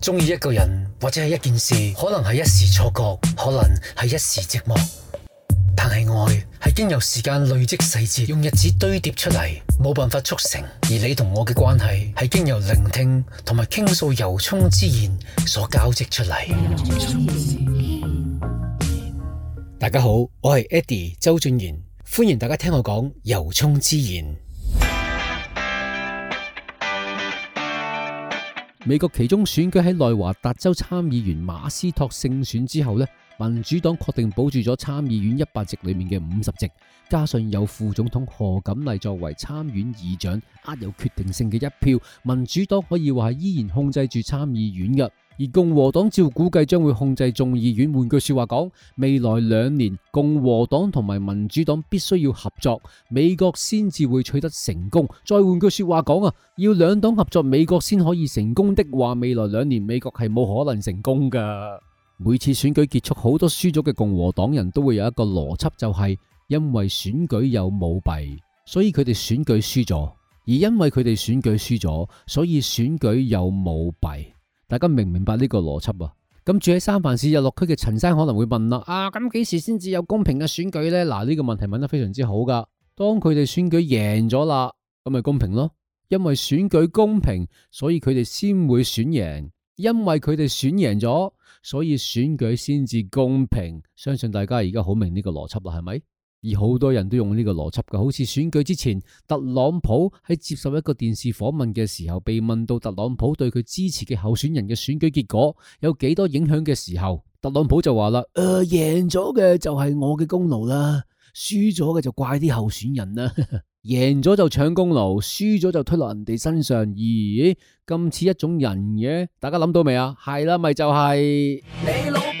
中意一個人或者係一件事，可能係一時錯覺，可能係一時寂寞。但係愛係經由時間累積細節，用日子堆疊出嚟，冇辦法速成。而你同我嘅關係係經由聆聽同埋傾訴由衷之言所交織出嚟。由衷。大家好，我係 Eddie 周俊賢，歡迎大家聽我講由衷之言。美國期中選舉喺內華達州參議員馬斯托勝選之後呢，民主黨確定保住咗參議院一百席裏面嘅五十席，加上有副總統何錦麗作為參院議長，握有決定性嘅一票，民主黨可以話係依然控制住參議院嘅。而共和黨照估計將會控制眾議院。換句說話講，未來兩年共和黨同埋民主黨必須要合作，美國先至會取得成功。再換句說話講啊，要兩黨合作，美國先可以成功的話，未來兩年美國係冇可能成功嘅。每次選舉結束，好多輸咗嘅共和黨人都會有一個邏輯，就係因為選舉有舞弊，所以佢哋選舉輸咗；而因為佢哋選舉輸咗，所以選舉有舞弊。大家明唔明白呢個邏輯啊？咁住喺三藩市日落區嘅陳生可能會問啦、啊：，啊，咁幾時先至有公平嘅選舉咧？嗱、啊，呢個問題問得非常之好噶。當佢哋選舉贏咗啦，咁咪公平咯？因為選舉公平，所以佢哋先會選贏；因為佢哋選贏咗，所以選舉先至公平。相信大家而家好明呢個邏輯啦，係咪？而好多人都用呢個邏輯㗎，好似選舉之前，特朗普喺接受一個電視訪問嘅時候，被問到特朗普對佢支持嘅候選人嘅選舉結果有幾多影響嘅時候，特朗普就話啦：誒、呃，贏咗嘅就係我嘅功勞啦，輸咗嘅就怪啲候選人啦， 贏咗就搶功勞，輸咗就推落人哋身上，咦，咁似一種人嘅，大家諗到未啊？係啦，咪就係、是。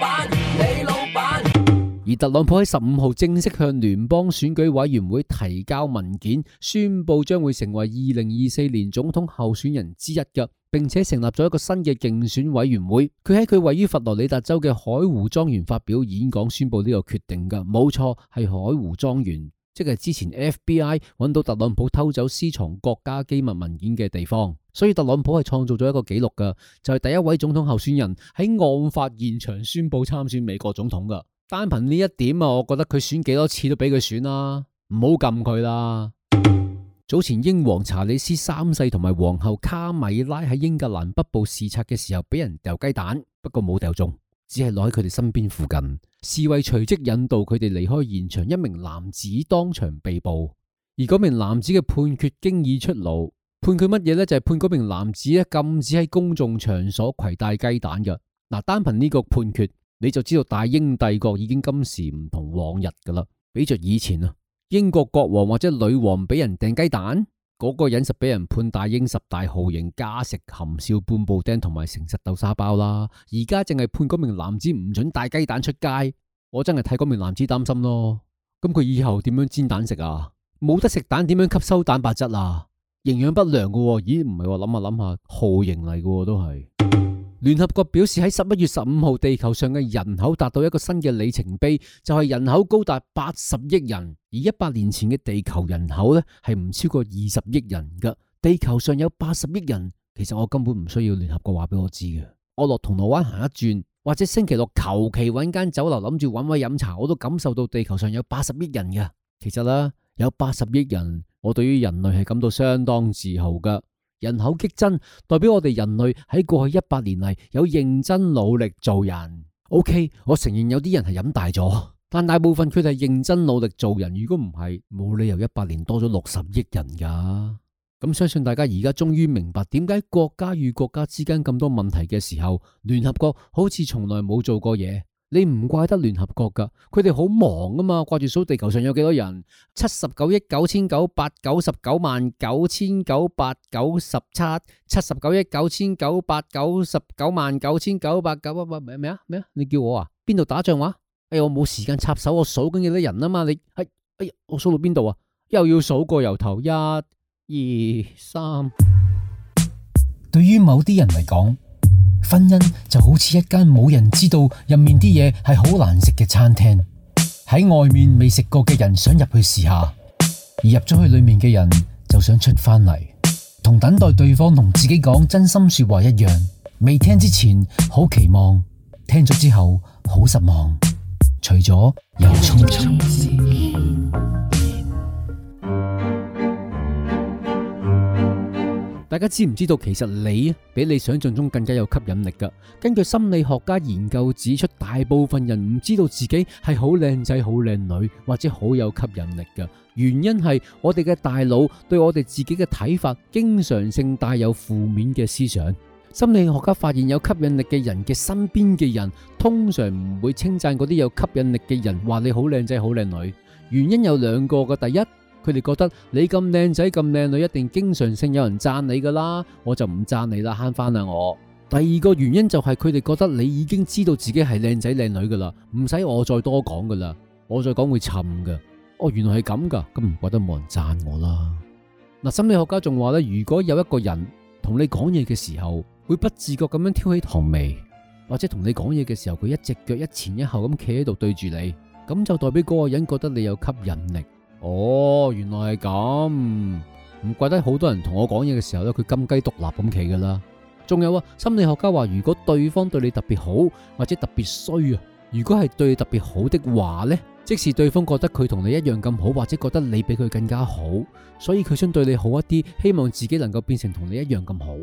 而特朗普喺十五號正式向聯邦選舉委員會提交文件，宣佈將會成為二零二四年總統候選人之一嘅，並且成立咗一個新嘅競選委員會。佢喺佢位於佛羅里達州嘅海湖莊園發表演講，宣佈呢個決定㗎。冇錯，係海湖莊園，即係之前 FBI 搵到特朗普偷走私藏國家機密文件嘅地方。所以特朗普係創造咗一個紀錄㗎，就係第一位總統候選人喺案發現場宣佈參選美國總統㗎。單憑呢一點啊，我覺得佢選幾多次都俾佢選啦、啊，唔好撳佢啦。早前英皇查理斯三世同埋皇后卡米拉喺英格蘭北部視察嘅時候，俾人掟雞蛋，不過冇掟中，只係攞喺佢哋身邊附近。侍衛隨即引導佢哋離開現場，一名男子當場被捕，而嗰名男子嘅判決經已出爐，判佢乜嘢呢？就係、是、判嗰名男子咧禁止喺公眾場所攜帶雞蛋嘅。嗱，單憑呢個判決。你就知道大英帝國已經今時唔同往日噶啦，比着以前啊，英國國王或者女王俾人掟雞蛋，嗰、那個人實俾人判大英十大豪刑加食含笑半步釘同埋誠實豆沙包啦，而家淨係判嗰名男子唔准帶雞蛋出街，我真係替嗰名男子擔心咯，咁佢以後點樣煎蛋食啊？冇得食蛋點樣吸收蛋白質啊？營養不良噶、哦，咦？唔係喎，諗下諗下，豪刑嚟噶，都係。聯合國表示喺十一月十五號，地球上嘅人口達到一個新嘅里程碑，就係人口高達八十億人。而一百年前嘅地球人口呢，係唔超過二十億人噶。地球上有八十億人，其實我根本唔需要聯合國話俾我知嘅。我落銅鑼灣行一轉，或者星期六求其搵間酒樓諗住搵位飲茶，我都感受到地球上有八十億人嘅。其實啦，有八十億人，我對於人類係感到相當自豪噶。人口激增代表我哋人類喺過去一百年嚟，有認真努力做人。OK，我承認有啲人係飲大咗，但大部分佢哋係認真努力做人。如果唔係，冇理由一百年多咗六十億人噶。咁相信大家而家終於明白點解國家與國家之間咁多問題嘅時候，聯合國好似從來冇做過嘢。你唔怪得聯合國噶，佢哋好忙啊嘛，掛住數地球上有幾多人？七十九億九千九百九十九萬九千九百九十七，七十九億九千九百九十九萬九千九百九啊？乜咩啊？咩啊？你叫我啊？邊度打仗話？哎，我冇時間插手，我數緊有幾多人啊嘛？你係哎我數到邊度啊？又要數過由頭，一、二、三。對於某啲人嚟講。婚姻就好似一間冇人知道入面啲嘢係好難食嘅餐廳，喺外面未食過嘅人想入去試下，而入咗去裏面嘅人就想出返嚟。同等待對方同自己講真心說話一樣，未聽之前好期望，聽咗之後好失望，除咗有衝。大家知唔知道，其實你比你想象中更加有吸引力噶？根據心理學家研究指出，大部分人唔知道自己係好靚仔、好靚女或者好有吸引力噶。原因係我哋嘅大腦對我哋自己嘅睇法，經常性帶有負面嘅思想。心理學家發現，有吸引力嘅人嘅身邊嘅人，通常唔會稱讚嗰啲有吸引力嘅人，話你好靚仔、好靚女。原因有兩個嘅，第一。佢哋覺得你咁靚仔咁靚女，一定經常性有人讚你噶啦，我就唔讚你啦，慳翻啦我。第二個原因就係佢哋覺得你已經知道自己係靚仔靚女噶啦，唔使我再多講噶啦，我再講會沉噶。哦，原來係咁噶，咁唔怪得冇人讚我啦。嗱，心理學家仲話咧，如果有一個人同你講嘢嘅時候，會不自覺咁樣挑起堂眉，或者同你講嘢嘅時候，佢一隻腳一前一後咁企喺度對住你，咁就代表嗰個人覺得你有吸引力。哦，原來係咁，唔怪得，好多人同我講嘢嘅時候咧，佢金雞獨立咁企噶啦。仲有啊，心理學家話，如果對方對你特別好或者特別衰啊，如果係對你特別好的話呢，即使對方覺得佢同你一樣咁好，或者覺得你比佢更加好，所以佢想對你好一啲，希望自己能夠變成同你一樣咁好。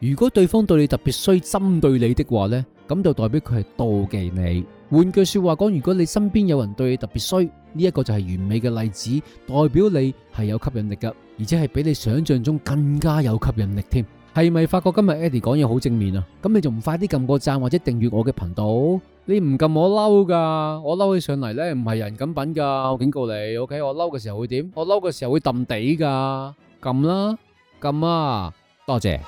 如果對方對你特別衰，針對你的話呢，咁就代表佢係妒忌你。換句說話講，如果你身邊有人對你特別衰。呢一個就係完美嘅例子，代表你係有吸引力噶，而且係比你想象中更加有吸引力添。係咪發覺今日 Eddie 講嘢好正面啊？咁你仲唔快啲撳個讚或者訂閱我嘅頻道？你唔撳我嬲噶，我嬲起上嚟呢唔係人咁品噶。我警告你，OK，我嬲嘅時候會點？我嬲嘅時候會揼地噶，撳啦，撳啊，多謝。